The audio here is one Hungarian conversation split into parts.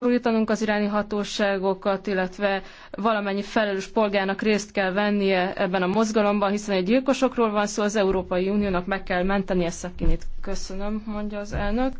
Szólítanunk az iráni hatóságokat, illetve valamennyi felelős polgárnak részt kell vennie ebben a mozgalomban, hiszen egy gyilkosokról van szó, az Európai Uniónak meg kell mentenie Szakinit. Köszönöm, mondja az elnök.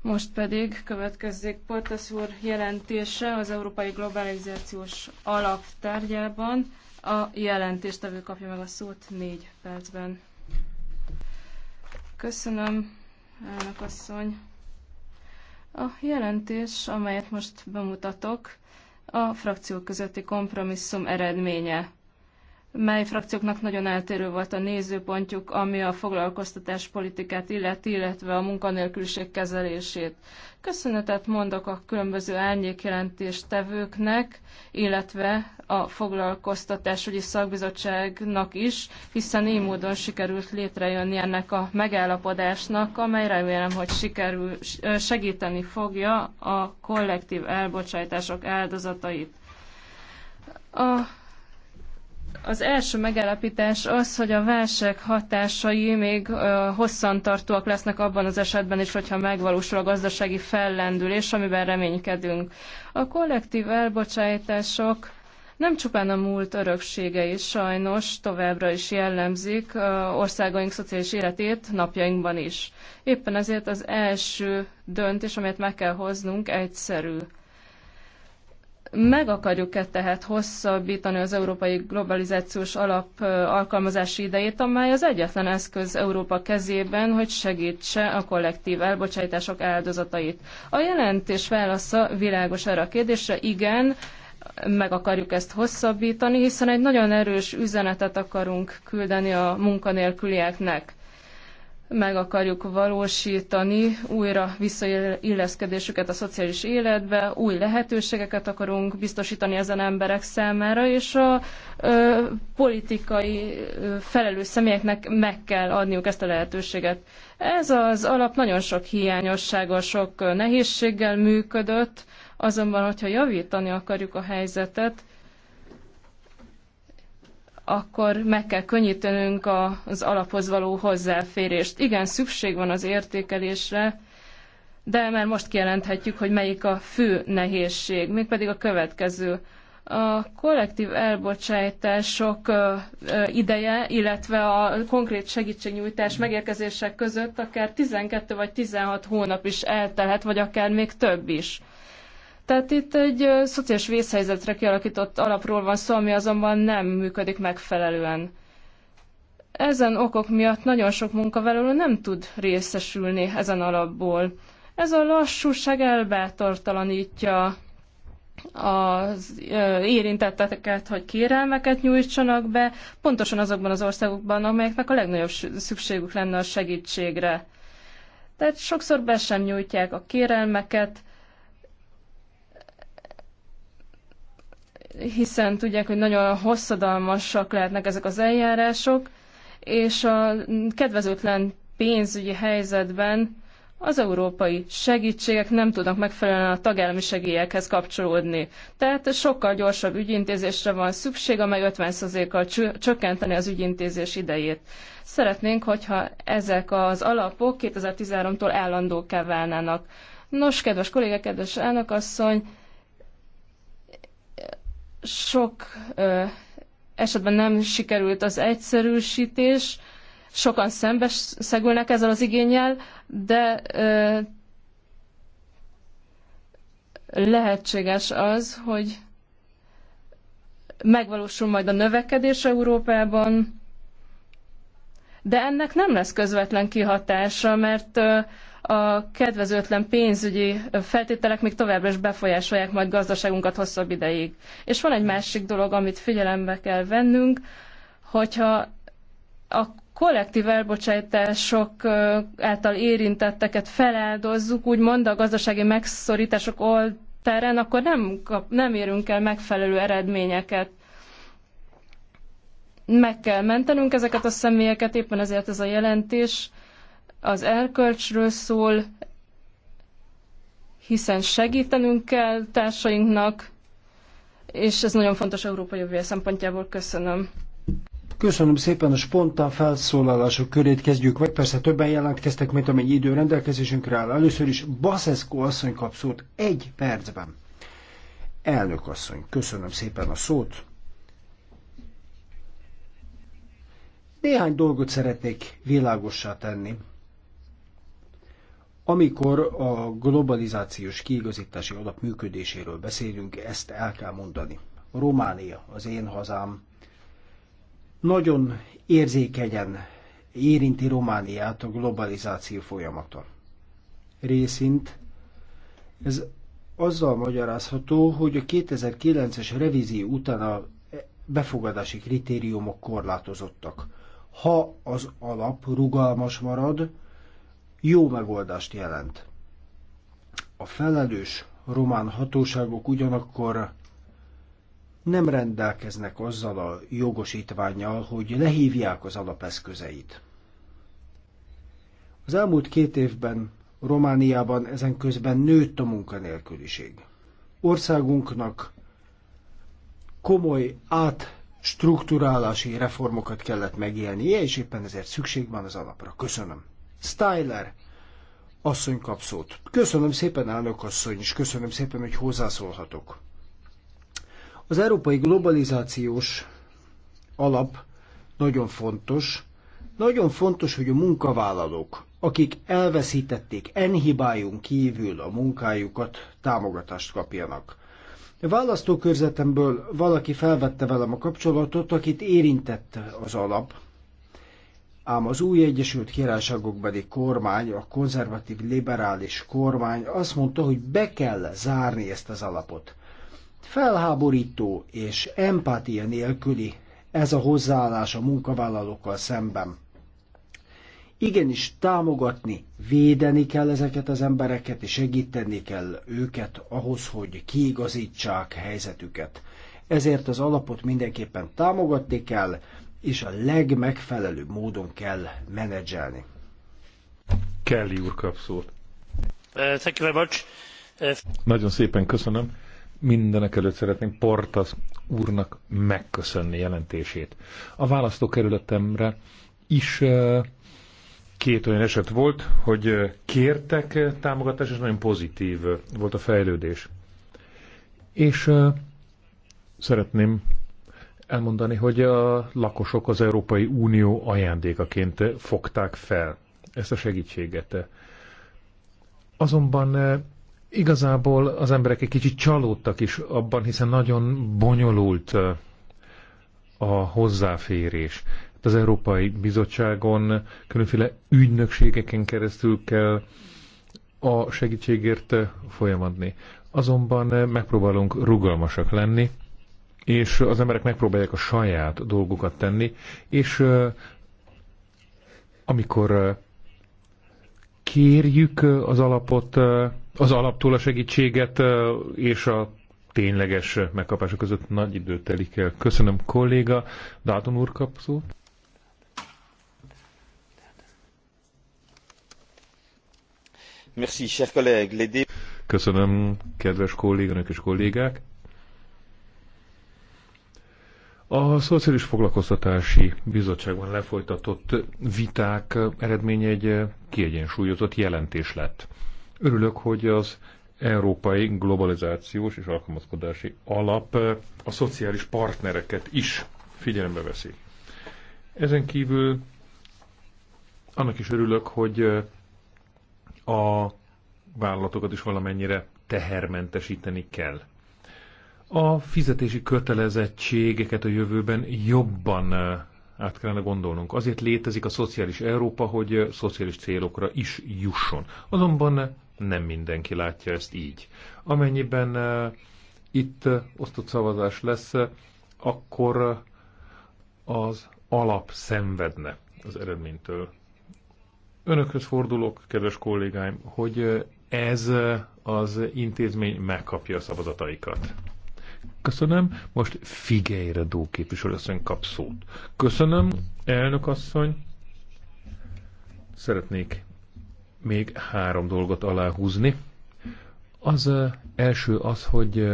Most pedig következzék Portas úr jelentése az Európai Globalizációs Alap tárgyában. A jelentéstevő kapja meg a szót négy percben. Köszönöm, elnök asszony. A jelentés, amelyet most bemutatok, a frakciók közötti kompromisszum eredménye mely frakcióknak nagyon eltérő volt a nézőpontjuk, ami a foglalkoztatás politikát illeti, illetve a munkanélküliség kezelését. Köszönetet mondok a különböző árnyékjelentéstevőknek, illetve a foglalkoztatásügyi szakbizottságnak is, hiszen így módon sikerült létrejönni ennek a megállapodásnak, amely remélem, hogy sikerül, segíteni fogja a kollektív elbocsátások áldozatait. A az első megállapítás az, hogy a válság hatásai még hosszantartóak lesznek abban az esetben is, hogyha megvalósul a gazdasági fellendülés, amiben reménykedünk. A kollektív elbocsátások nem csupán a múlt örökségei sajnos továbbra is jellemzik országaink szociális életét napjainkban is. Éppen ezért az első döntés, amelyet meg kell hoznunk, egyszerű meg akarjuk-e tehát hosszabbítani az európai globalizációs alap alkalmazási idejét, amely az egyetlen eszköz Európa kezében, hogy segítse a kollektív elbocsátások áldozatait? A jelentés válasza világos erre a kérdésre, igen, meg akarjuk ezt hosszabbítani, hiszen egy nagyon erős üzenetet akarunk küldeni a munkanélkülieknek meg akarjuk valósítani újra visszailleszkedésüket a szociális életbe, új lehetőségeket akarunk biztosítani ezen emberek számára, és a ö, politikai ö, felelős személyeknek meg kell adniuk ezt a lehetőséget. Ez az alap nagyon sok hiányossággal, sok nehézséggel működött, azonban, hogyha javítani akarjuk a helyzetet, akkor meg kell könnyítenünk az alaphoz való hozzáférést. Igen, szükség van az értékelésre, de már most kijelenthetjük, hogy melyik a fő nehézség, mégpedig a következő. A kollektív elbocsátások ideje, illetve a konkrét segítségnyújtás megérkezések között akár 12 vagy 16 hónap is eltelhet, vagy akár még több is. Tehát itt egy szociális vészhelyzetre kialakított alapról van szó, ami azonban nem működik megfelelően. Ezen okok miatt nagyon sok munkavállaló nem tud részesülni ezen alapból. Ez a lassúság elbátortalanítja az érintetteket, hogy kérelmeket nyújtsanak be, pontosan azokban az országokban, amelyeknek a legnagyobb szükségük lenne a segítségre. Tehát sokszor be sem nyújtják a kérelmeket, hiszen tudják, hogy nagyon hosszadalmasak lehetnek ezek az eljárások, és a kedvezőtlen pénzügyi helyzetben az európai segítségek nem tudnak megfelelően a tagállami segélyekhez kapcsolódni. Tehát sokkal gyorsabb ügyintézésre van szükség, amely 50%-kal csökkenteni az ügyintézés idejét. Szeretnénk, hogyha ezek az alapok 2013-tól állandóká válnának. Nos, kedves kollégák, kedves elnökasszony, sok ö, esetben nem sikerült az egyszerűsítés, sokan szembeszegülnek ezzel az igényel, de ö, lehetséges az, hogy megvalósul majd a növekedés Európában, de ennek nem lesz közvetlen kihatása, mert a kedvezőtlen pénzügyi feltételek még továbbra is befolyásolják majd gazdaságunkat hosszabb ideig. És van egy másik dolog, amit figyelembe kell vennünk, hogyha a kollektív elbocsátások által érintetteket feláldozzuk, úgymond a gazdasági megszorítások oltárán, akkor nem, kap, nem érünk el megfelelő eredményeket. Meg kell mentenünk ezeket a személyeket, éppen ezért ez a jelentés az erkölcsről szól, hiszen segítenünk kell társainknak, és ez nagyon fontos Európa jövője szempontjából. Köszönöm. Köszönöm szépen a spontán felszólalások körét kezdjük, vagy persze többen jelentkeztek, mint amennyi idő rendelkezésünkre áll. Először is Baszeszko asszony kap szót egy percben. Elnök asszony, köszönöm szépen a szót. Néhány dolgot szeretnék világossá tenni amikor a globalizációs kiigazítási alap működéséről beszélünk, ezt el kell mondani. Románia, az én hazám, nagyon érzékenyen érinti Romániát a globalizáció folyamata. Részint ez azzal magyarázható, hogy a 2009-es revízió után a befogadási kritériumok korlátozottak. Ha az alap rugalmas marad, jó megoldást jelent. A felelős román hatóságok ugyanakkor nem rendelkeznek azzal a jogosítványjal, hogy lehívják az alapeszközeit. Az elmúlt két évben Romániában ezen közben nőtt a munkanélküliség. Országunknak komoly átstruktúrálási reformokat kellett megélnie, és éppen ezért szükség van az alapra. Köszönöm. Styler asszony kapszót. Köszönöm szépen, elnök asszony, és köszönöm szépen, hogy hozzászólhatok. Az európai globalizációs alap nagyon fontos. Nagyon fontos, hogy a munkavállalók, akik elveszítették enhibájunk kívül a munkájukat, támogatást kapjanak. A választókörzetemből valaki felvette velem a kapcsolatot, akit érintett az alap, Ám az új Egyesült Királyságokbeli kormány, a konzervatív liberális kormány azt mondta, hogy be kell zárni ezt az alapot. Felháborító és empátia nélküli ez a hozzáállás a munkavállalókkal szemben. Igenis támogatni, védeni kell ezeket az embereket, és segíteni kell őket ahhoz, hogy kiigazítsák helyzetüket. Ezért az alapot mindenképpen támogatni kell, és a legmegfelelőbb módon kell menedzselni. Kelly úr kap szót. Uh, thank you very much. Uh... Nagyon szépen köszönöm. Mindenek előtt szeretném Portas úrnak megköszönni jelentését. A választókerületemre is uh, két olyan eset volt, hogy uh, kértek uh, támogatást, és nagyon pozitív uh, volt a fejlődés. És szeretném elmondani, hogy a lakosok az Európai Unió ajándékaként fogták fel ezt a segítséget. Azonban eh, igazából az emberek egy kicsit csalódtak is abban, hiszen nagyon bonyolult eh, a hozzáférés. Hát az Európai Bizottságon különféle ügynökségeken keresztül kell a segítségért eh, folyamadni. Azonban megpróbálunk rugalmasak lenni, és az emberek megpróbálják a saját dolgukat tenni, és amikor kérjük az alapot, az alaptól a segítséget, és a tényleges megkapások között nagy idő telik el. Köszönöm kolléga, Dátum úr kap szót. Merci, cher collègue. Köszönöm, kedves kolléganők és kollégák. A Szociális Foglalkoztatási Bizottságban lefolytatott viták eredménye egy kiegyensúlyozott jelentés lett. Örülök, hogy az Európai Globalizációs és Alkalmazkodási Alap a szociális partnereket is figyelembe veszi. Ezen kívül annak is örülök, hogy a vállalatokat is valamennyire tehermentesíteni kell. A fizetési kötelezettségeket a jövőben jobban át kellene gondolnunk. Azért létezik a szociális Európa, hogy szociális célokra is jusson. Azonban nem mindenki látja ezt így. Amennyiben itt osztott szavazás lesz, akkor az alap szenvedne az eredménytől. Önökhöz fordulok, kedves kollégáim, hogy ez az intézmény megkapja a szavazataikat. Köszönöm. Most Figeire Dó képviselőasszony kap szót. Köszönöm, elnök asszony. Szeretnék még három dolgot aláhúzni. Az első az, hogy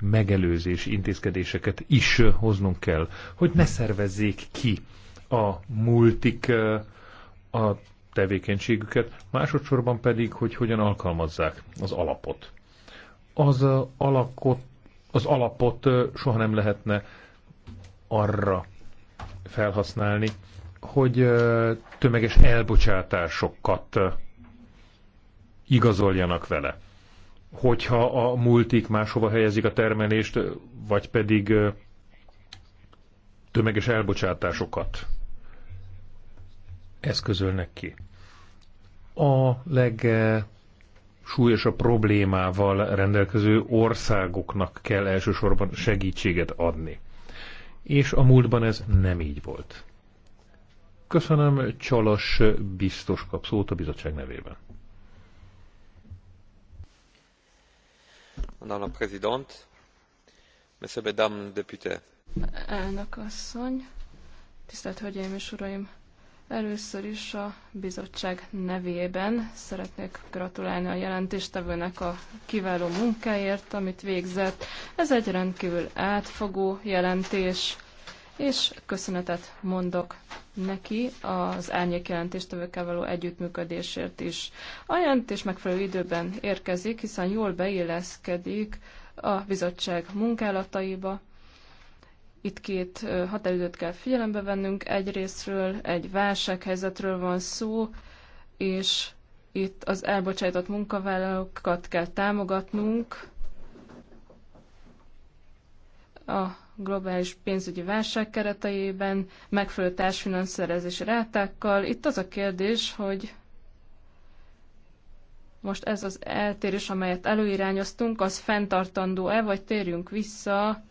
megelőzés intézkedéseket is hoznunk kell, hogy ne szervezzék ki a multik a tevékenységüket, másodszorban pedig, hogy hogyan alkalmazzák az alapot. Az alakot az alapot soha nem lehetne arra felhasználni, hogy tömeges elbocsátásokat igazoljanak vele. Hogyha a multik máshova helyezik a termelést, vagy pedig tömeges elbocsátásokat eszközölnek ki. A leg súlyos a problémával rendelkező országoknak kell elsősorban segítséget adni. És a múltban ez nem így volt. Köszönöm, Csalas biztos kap szót a bizottság nevében. Madame la Présidente, Monsieur Mesdames Députés. Elnök asszony, tisztelt Hölgyeim és Uraim! Először is a bizottság nevében szeretnék gratulálni a jelentéstevőnek a kiváló munkáért, amit végzett. Ez egy rendkívül átfogó jelentés, és köszönetet mondok neki az árnyék jelentéstevőkkel való együttműködésért is. A jelentés megfelelő időben érkezik, hiszen jól beilleszkedik a bizottság munkálataiba, itt két határidőt kell figyelembe vennünk. Egyrésztről egy válsághelyzetről van szó, és itt az elbocsájtott munkavállalókat kell támogatnunk a globális pénzügyi válság kereteiben, megfelelő társfinanszerezési rátákkal. Itt az a kérdés, hogy most ez az eltérés, amelyet előirányoztunk, az fenntartandó-e, vagy térjünk vissza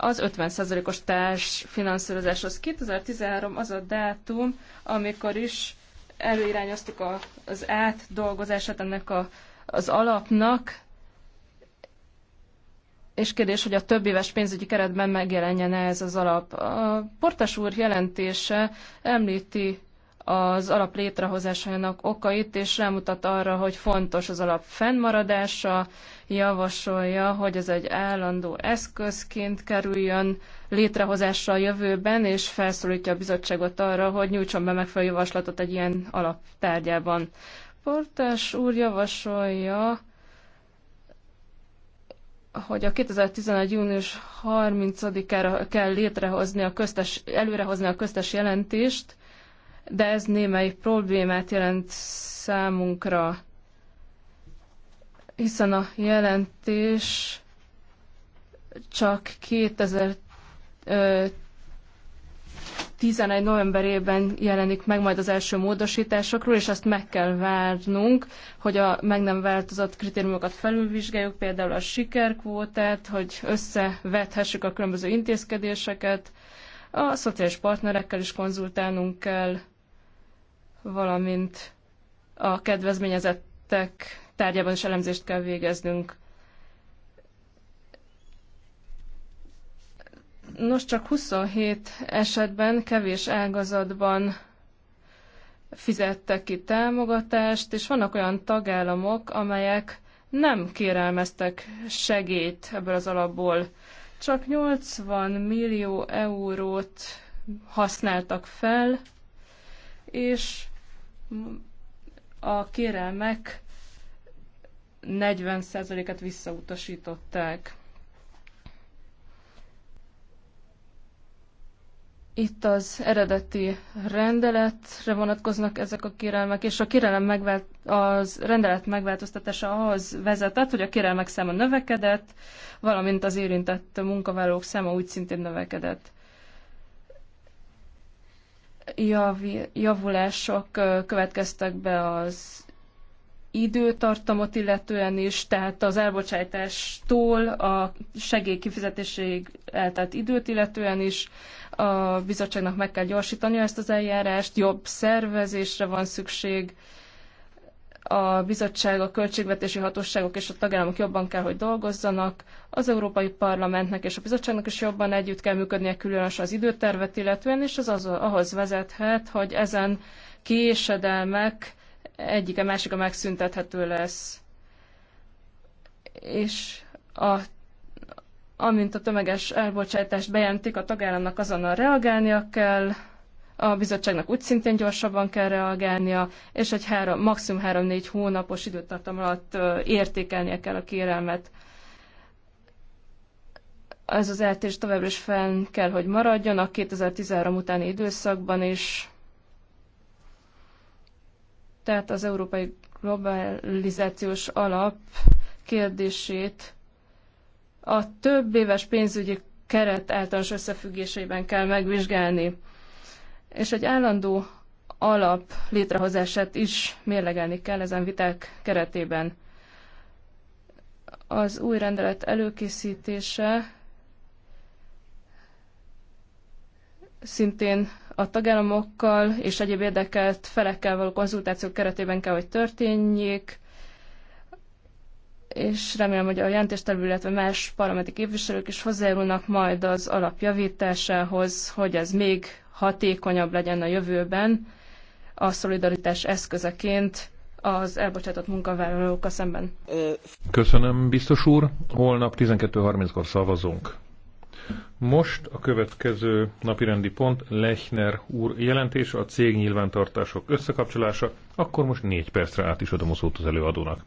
az 50%-os társ finanszírozáshoz. 2013 az a dátum, amikor is előirányoztuk a, az átdolgozását ennek a, az alapnak, és kérdés, hogy a több éves pénzügyi keretben megjelenjen -e ez az alap. A Portas úr jelentése említi az alap létrehozásának okait, és rámutat arra, hogy fontos az alap fennmaradása, javasolja, hogy ez egy állandó eszközként kerüljön létrehozásra a jövőben, és felszólítja a bizottságot arra, hogy nyújtson be megfelelő javaslatot egy ilyen alaptárgyában. Portás úr javasolja, hogy a 2011. június 30-ára kell létrehozni a köztes, előrehozni a köztes jelentést, de ez némely problémát jelent számunkra, hiszen a jelentés csak 2011. novemberében jelenik meg majd az első módosításokról, és azt meg kell várnunk, hogy a meg nem változott kritériumokat felülvizsgáljuk, például a sikerkvótát, hogy összevethessük a különböző intézkedéseket, a szociális partnerekkel is konzultálnunk kell, valamint a kedvezményezettek tárgyában is elemzést kell végeznünk. Nos, csak 27 esetben, kevés ágazatban fizettek ki támogatást, és vannak olyan tagállamok, amelyek nem kérelmeztek segélyt ebből az alapból. Csak 80 millió eurót használtak fel, és a kérelmek 40%-et visszautasították. Itt az eredeti rendeletre vonatkoznak ezek a kérelmek, és a kérelem megvált, az rendelet megváltoztatása ahhoz vezetett, hogy a kérelmek száma növekedett, valamint az érintett munkavállalók száma úgy szintén növekedett javulások következtek be az időtartamot illetően is, tehát az elbocsájtástól a segély kifizetéséig eltelt időt illetően is a bizottságnak meg kell gyorsítani ezt az eljárást, jobb szervezésre van szükség, a bizottság, a költségvetési hatóságok és a tagállamok jobban kell, hogy dolgozzanak, az Európai Parlamentnek és a bizottságnak is jobban együtt kell működnie, különösen az időtervet illetően, és ez az, ahhoz vezethet, hogy ezen késedelmek egyike másik a megszüntethető lesz. És a, amint a tömeges elbocsátást bejelentik, a tagállamnak azonnal reagálnia kell, a bizottságnak úgy szintén gyorsabban kell reagálnia, és egy három, maximum 3-4 hónapos időtartam alatt értékelnie kell a kérelmet. Ez az eltérés továbbra is fenn kell, hogy maradjon a 2013 utáni időszakban is. Tehát az Európai Globalizációs Alap kérdését a több éves pénzügyi keret általános összefüggéseiben kell megvizsgálni és egy állandó alap létrehozását is mérlegelni kell ezen viták keretében. Az új rendelet előkészítése szintén a tagállamokkal és egyéb érdekelt felekkel való konzultációk keretében kell, hogy történjék, és remélem, hogy a jelentéstevő, illetve más parlamenti képviselők is hozzájárulnak majd az alapjavításához, hogy ez még hatékonyabb legyen a jövőben a szolidaritás eszközeként az elbocsátott munkavállalókkal szemben. Köszönöm, biztos úr. Holnap 12.30-kor szavazunk. Most a következő napirendi pont Lechner úr jelentése a cég nyilvántartások összekapcsolása, akkor most négy percre át is adom a szót az előadónak.